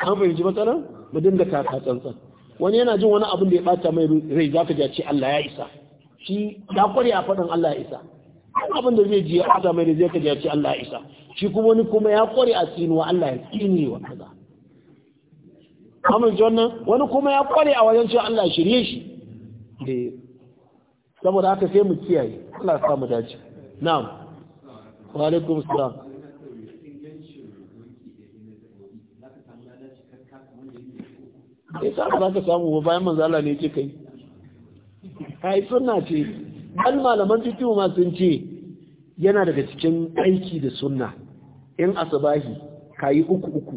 an fahimci matsalar mutum da kaka tsantsan wani yana jin wani abin da ya bata mai rai zaka ji ce Allah ya isa shi ya kware a faɗin Allah ya isa abin da zai ji ya aza mai da zai kaji ya ce Allah isa shi kuma wani kuma ya kware a tsinuwa Allah ya tsini wa kaza amin wannan wani kuma ya kware a wajen cewa Allah ya shirye shi da eh, saboda haka sai mu kiyaye Allah ya sa mu dace na'am wa alaikum salam sai sa ba ka samu bayan manzala ne ce kai kai suna ce bal malaman fikihu ma sun ce yana daga cikin aiki da sunna in asabahi kayi uku uku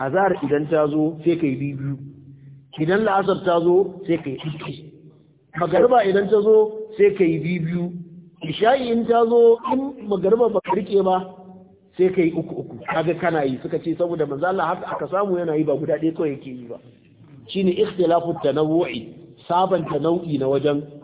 hazar idan ta zo sai kai biyu idan la'asar ta zo sai kai uku magarba idan ta zo sai kai biyu isha'i in ta zo in magarba ba rike ba sai kai uku uku kaga kana yi suka ce saboda manzo Allah haka aka samu yana yi ba guda ɗaya kawai yake yi ba shine ikhtilafu tanawu'i saban nau'i na wajen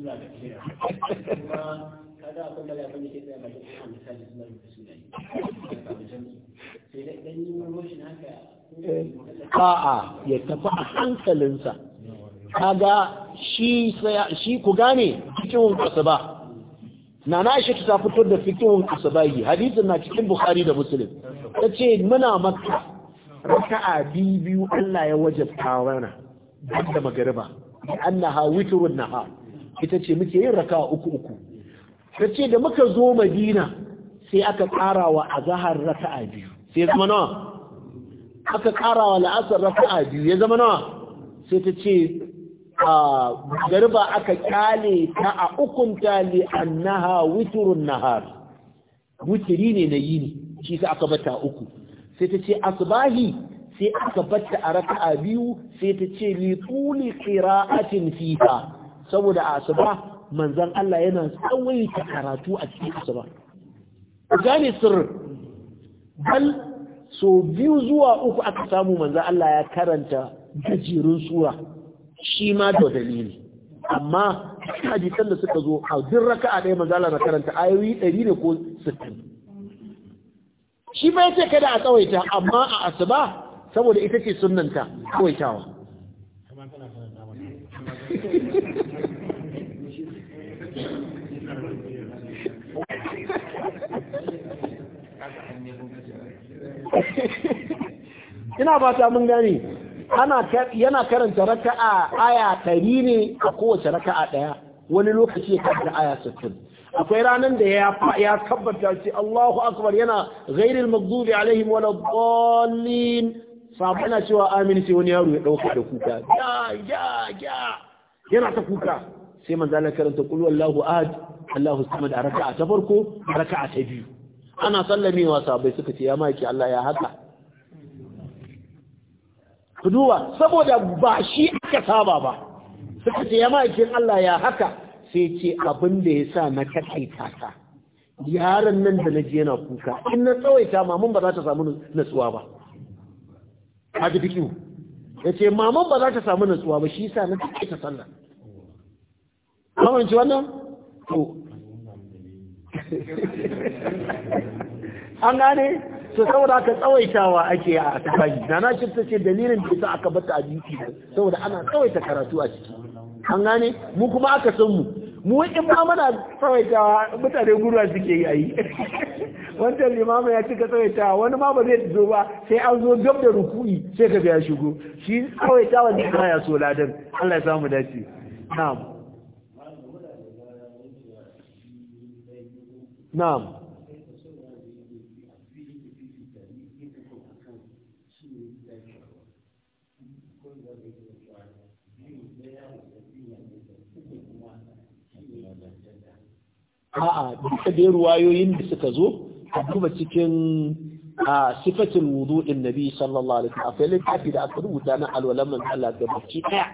suna a'a ya tafi a hankalinsa kaga shi shi ku gane cikin ba, na na shi ta fito da ba yi, hadisin na cikin bukhari da Ta ce muna maka. raka'a biyu Allah ya wajabta mana da magariba annaha na ha! ita ce muke yin raka uku uku ta ce da muka zo madina sai aka ƙara wa raka a biyu sai ya zama nawa aka karawa la'asar raka a biyu ya zama nawa sai ta ce a garba aka kyale ta a ukunta li annaha witrun nahar witri ne na yini shi sai aka bata uku sai ta ce asbahi sai aka bata a raka'a biyu sai ta ce li tuli qira'atin fiha saboda a asuba manzan Allah yana tsawaita karatu a cikin asuba gane sirrin bal so biyu zuwa uku aka samu manzan Allah ya karanta gajerun sura shi ma da dalili amma hadisan da suka zo a duk a ɗaya manzan na karanta ayoyi ɗari ne ko sittin. shi ba yace kada a tsawaita amma a asuba saboda ita ce sunnanta tsawaitawa ina ba ta mun gani yana karanta raka'a aya ɗari ne a kowace raka'a ɗaya wani lokaci ya karanta aya sittin akwai ranar da ya tabbata ce Allahu akbar yana ghairil maghdubi alaihim wala dallin sabana cewa amin sai wani yaro ya dauka da kuka ya ya ya yana ta kuka sai manzo Allah karanta qul wallahu ahad Allahu samad a raka'a ta farko raka'a ta biyu ana sallamewa sabai suka ce ya maki Allah ya haka kuduwa saboda ba shi aka saba ba suka ce ya maki Allah ya haka sai ce abin da ya sa na kaɗaita ta yaran nan da na yana kuka in na tsawaita mamun ba za ta samu nutsuwa ba a da bikin ya ce maman ba za ta samu nutsuwa ba shi sa na take ta sallah mamanci wannan to an gane to saboda ka tsawaitawa ake a tafaji na na ta ce dalilin da aka bata a jiki saboda ana tsawaita karatu a ciki an gane mu kuma aka san mu mu in ma mana tsawaitawa mutane guruwa suke yi a yi wancan limama ya cika tsawaitawa wani ma ba zai zo ba sai an zo gab da ruku'i sai ka biya shigo shi tsawaitawa ne ya so ladan Allah ya samu dace na'am na'am a'a duka da ruwayoyin da suka zo a duba cikin a sifatin wudu'in nabi sallallahu alaihi wa sallam. akwai littafi da aka rubuta na alwalan man Allah da baki daya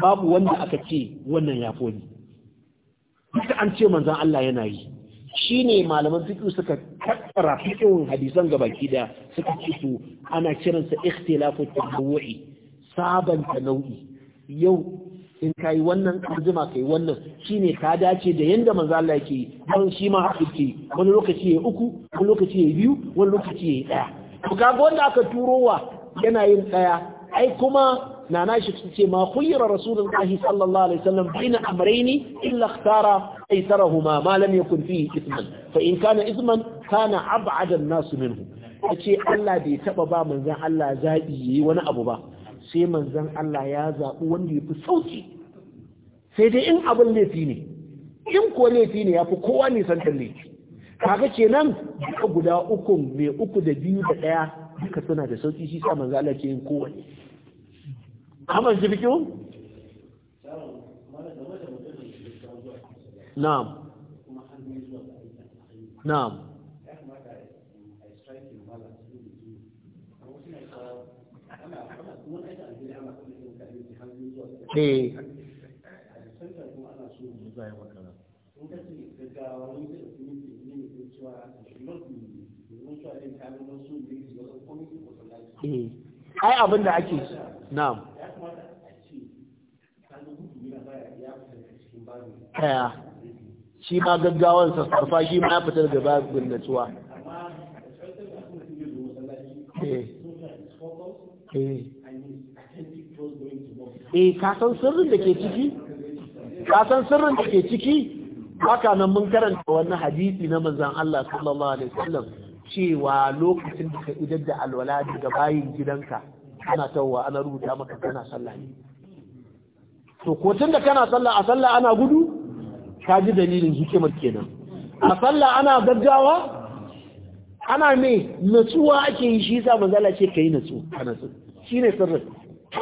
babu wanda aka ce wannan ya foni duka an ce manzon Allah yana yi shine malaman fiqh suka kakkara fiqhin hadisan ga baki daya suka ce su ana kiransa ikhtilafu tawu'i sabanta nau'i yau in ka yi wannan arjima ka yi wannan shine ka dace da yanda Manzala ke yi don shi ma haka yake wani lokaci ya uku wani lokaci ya biyu wani lokaci ya ɗaya to kaga wanda aka turowa yana yin ɗaya, ai kuma nana shi ce ma khuyira rasulullahi sallallahu alaihi wasallam baina amrayni illa ikhtara aytarahuma ma lam yakun fihi isman fa in kana isman kana ab'ada an-nas minhu ce Allah bai taba ba manzon Allah zabi yayi wani abu ba sai manzan Allah ya zaɓi wanda ya fi sauki sai dai in abin laifi ne in ko laifi ne ya fi kowa ne san laifi kaga nan, duka guda uku mai uku da biyu da ɗaya duka suna da sauki shi sa manzan Allah ke yin kowanne amma shi fi kyau na'am na'am Eh. eh ai abin da ake na'am ya shi ma gaggawar sassarfa shi ma ya fita daga babin natsuwa eh, eh. eh ka san sirrin da ke ciki ka san sirrin da ke ciki haka nan mun karanta wannan hadisi na manzon Allah sallallahu alaihi wasallam cewa lokacin da ka idar da alwaladi daga bayin gidanka ana tawwa ana rubuta maka kana sallah to ko da kana sallah a sallah ana gudu ka ji dalilin hikimar kenan a sallah ana gaggawa ana me natsuwa ake yi shi sa manzala ce kai natsu kana natsu shine sirrin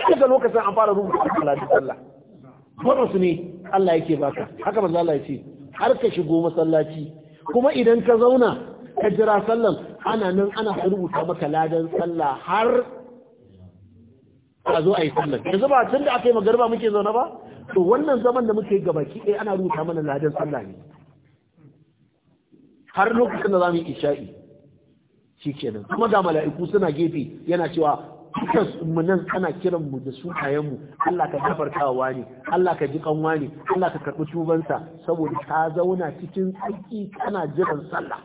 daga lokacin an fara rubuta salatun sallah wannan su ne Allah yake baka haka manzo Allah ya ce har ka shigo masallaci kuma idan ka zauna ka jira sallan ana nan ana rubuta maka ladan sallah har a zo a yi sallan yanzu ba tun da aka yi magarba muke zaune ba to wannan zaman da muke gabaki ɗaya ana rubuta mana ladan sallah ne har lokacin da za mu yi isha'i shi kuma ga mala'iku suna gefe yana cewa dukan mu nan ana kiran mu da sunayen mu Allah ka kawa ne Allah ka ji kanwa ne Allah ka karbi tubansa saboda ka zauna cikin tsaki kana jiran sallah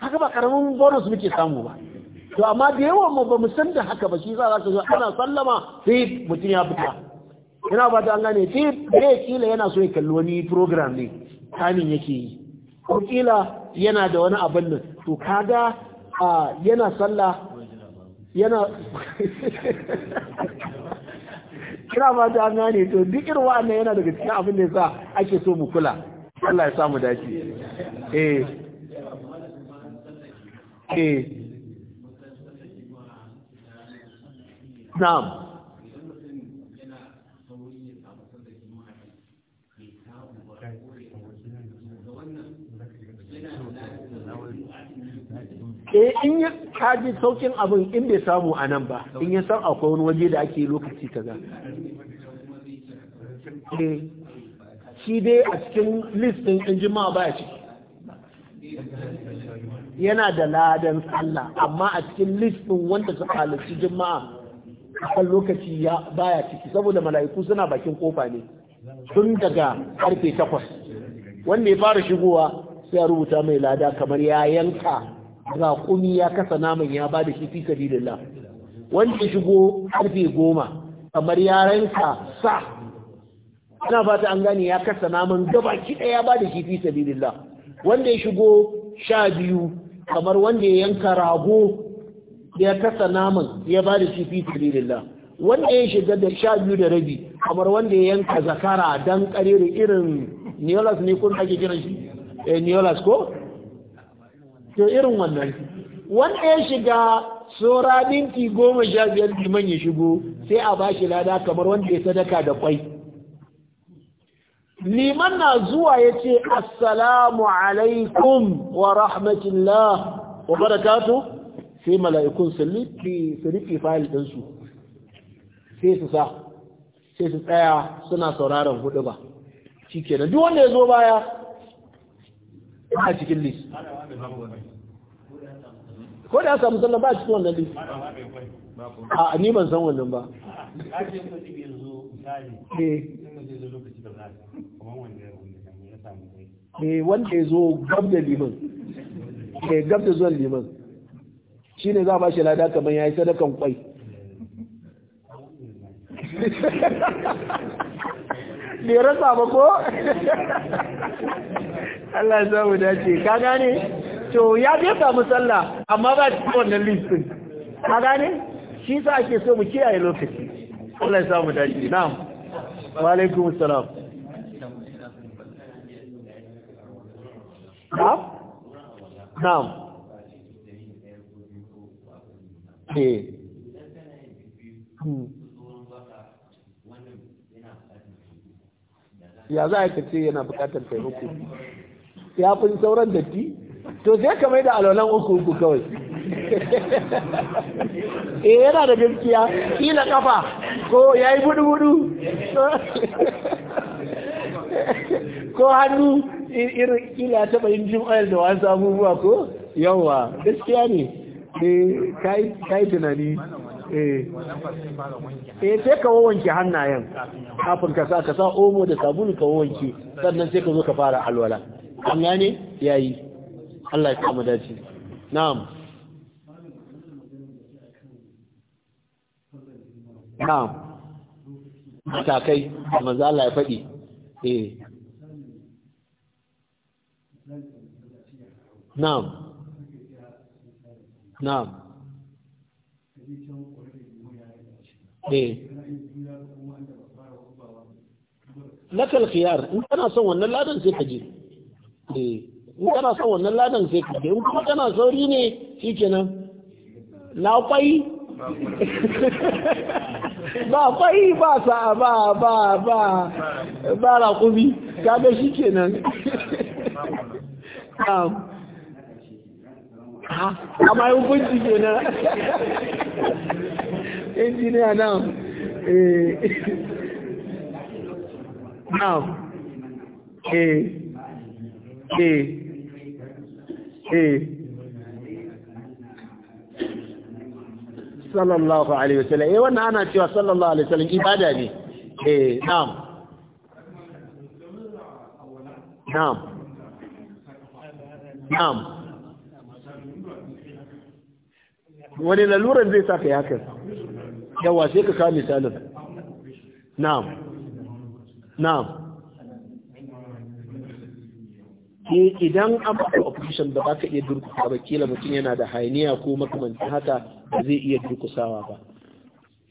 haka ba karamin bonus muke samu ba to amma da yawan mu ba mu san da haka ba shi za ka zo ana sallama sai mutum ya fita ina ba da an gane sai da kila yana so ya kalli wani program ne kamin yake yi ko kila yana da wani abin nan to kaga yana sallah yana kira ba ta gane to duk irin wa'annan yana daga cikin abin da yasa ake so mu kula Allah ya sa mu dace eh eh na'am eh in yi kaji saukin abin in bai samu a nan ba in ya san akwai wani waje da ake lokaci kaza eh shi dai a cikin listin in jima ba ya ciki yana da ladan sallah amma a cikin listin wanda su halarci jima'a a kan lokaci ya baya ciki saboda mala'iku suna bakin kofa ne tun daga karfe takwas wanda ya fara shigowa sai ya rubuta mai lada kamar ya yanka raƙumi ya kasa naman ya ba da shi fi sabilillah wanda ya shigo karfe goma kamar yarensa sa ana fata an gane ya kasa naman gaba kiɗa ya ba da shi fi sabilillah wanda ya shigo sha biyu kamar wanda ya yanka rago ya kasa naman ya ba da shi fi sabilillah wanda ya shiga da sha biyu da rabi kamar wanda ya yanka zakara dan karere irin neolas ne kun ake kiran shi eh, neolas ko to irin wannan wanda ya shiga tsora minti goma sha biyar liman ya shigo sai a ba shi lada kamar wanda ya sadaka da kwai liman na zuwa ya ce assalamu alaikum wa rahmatullah wa barakatu sai mala'ikun su riƙe fayil ɗinsu sai su sa sai su tsaya suna sauraron hudu ba shi kenan duk wanda ya zo baya a cikin list ko da aka musamman ba a cikin wannan list a ni ban san wannan ba eh. eh wanda ya zo gab da liman eh gab da zuwan liman shine za ba shi lada kamar yayi sadakan kwai ne rasa ba ko Allah ya samu dace ka gane to ya je ka sallah amma ba cikin wannan listin ka gane shi sa ake so mu kiyaye lokaci Allah ya samu dace na'am wa alaikum assalam na'am na'am eh hmm. ya za a kace yana bukatar taimako ya fi sauran datti to sai ka mai da alwalan uku uku kawai eh yana da gaskiya kila kafa ko yayi budu budu ko hannu irin kila ta bayin jin oil da wasu abubuwa ko yawa gaskiya ne eh kai tunani eh. eh sai ka wanke hannayen kafin ka sa ka sa omo da sabulu ka wanke sannan sai ka zo ka fara alwala an gane yayi Allah ya kama dace na'am na'am matakai da manzo Allah ya faɗi eh na'am na'am eh lakal khiyar in kana son wannan ladan sai ka je Eh, in kana son wannan ladan sai ka in kuma kana sauri ne kenan na kwai ba kwai ba sa ba ba ba ba raƙumi kaga shikenan amma yin kunci ke na eh na eh إيه إيه صلى الله عليه وسلم إيه وأنا أنا أشوف صلى الله عليه وسلم إبادة دي إيه نعم نعم نعم ولن الورا زي ساقي هكذا يا واسيك كان يسألك نعم نعم ke idan an ba operation ba ka iya durkusa ba kila mutum yana da hainiya ko makamancin haka ba zai iya durkusawa ba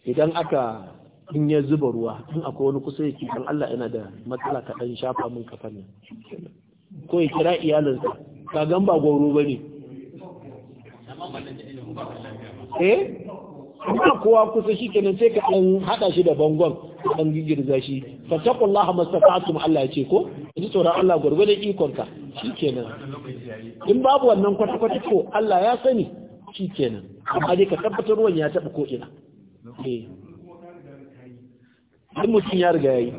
idan aka in ya zuba ruwa in akwai wani kusa yake dan Allah yana da matsala ka dan shafa min kafan nan ko ya kira iyalinsa ka gan ba goro bane eh Ina kowa kusa shi kenan sai ka dan hada shi da bangon dan gigirza shi taqullaha mastata'tum Allah ya ce ko ji tsoron Allah gwargwadon ikonka shi kenan in babu wannan kwata-kwata ko Allah ya sani shi kenan amma dai ka tabbatar ruwan ya taɓa ko'ina ɗin eh. mutum ya riga ya yi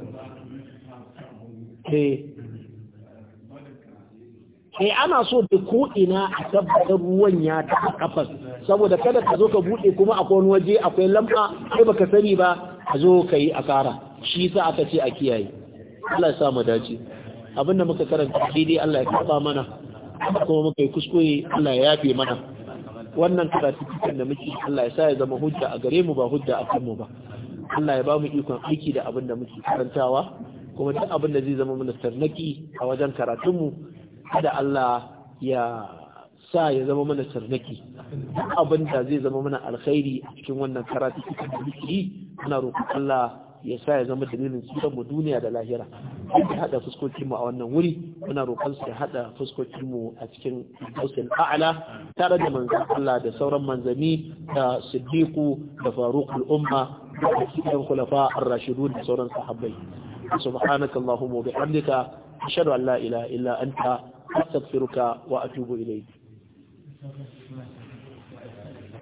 eh. eh ana so da ko'ina a tabbatar ruwan ya taɓa kafas saboda kada ka zo ka buɗe kuma akwai kowane waje akwai lamba sai baka sani ba a zo ka yi asara shi sa aka ce a kiyaye Allah ya sa mu dace abinda muka karanta daidai Allah ya kafa mana kuma muka yi kuskure Allah ya yafe mana wannan karatu cikin da muke Allah ya sa ya zama hujja a gare mu ba hujja a kanmu ba Allah ya ba mu ikon aiki da abin da muke karantawa kuma duk abin da zai zama mana tarnaki a wajen karatunmu kada Allah ya sa ya zama mana sarnaki duk abin da zai zama mana alkhairi a cikin wannan karatu cikin da muke yi muna roƙon Allah ya sa ya zama dalilin tsiran mu duniya da lahira ya hada haɗa mu a wannan wuri muna roƙon su ya haɗa fuskokin mu a cikin dausin a'ala tare da manzon Allah da sauran manzanni da Siddiku da faruqul umma da cikin khulafa ar-rashidun da sauran sahabbai subhanaka allahumma wa bihamdika ashhadu an la ilaha illa anta astaghfiruka wa atubu ilayk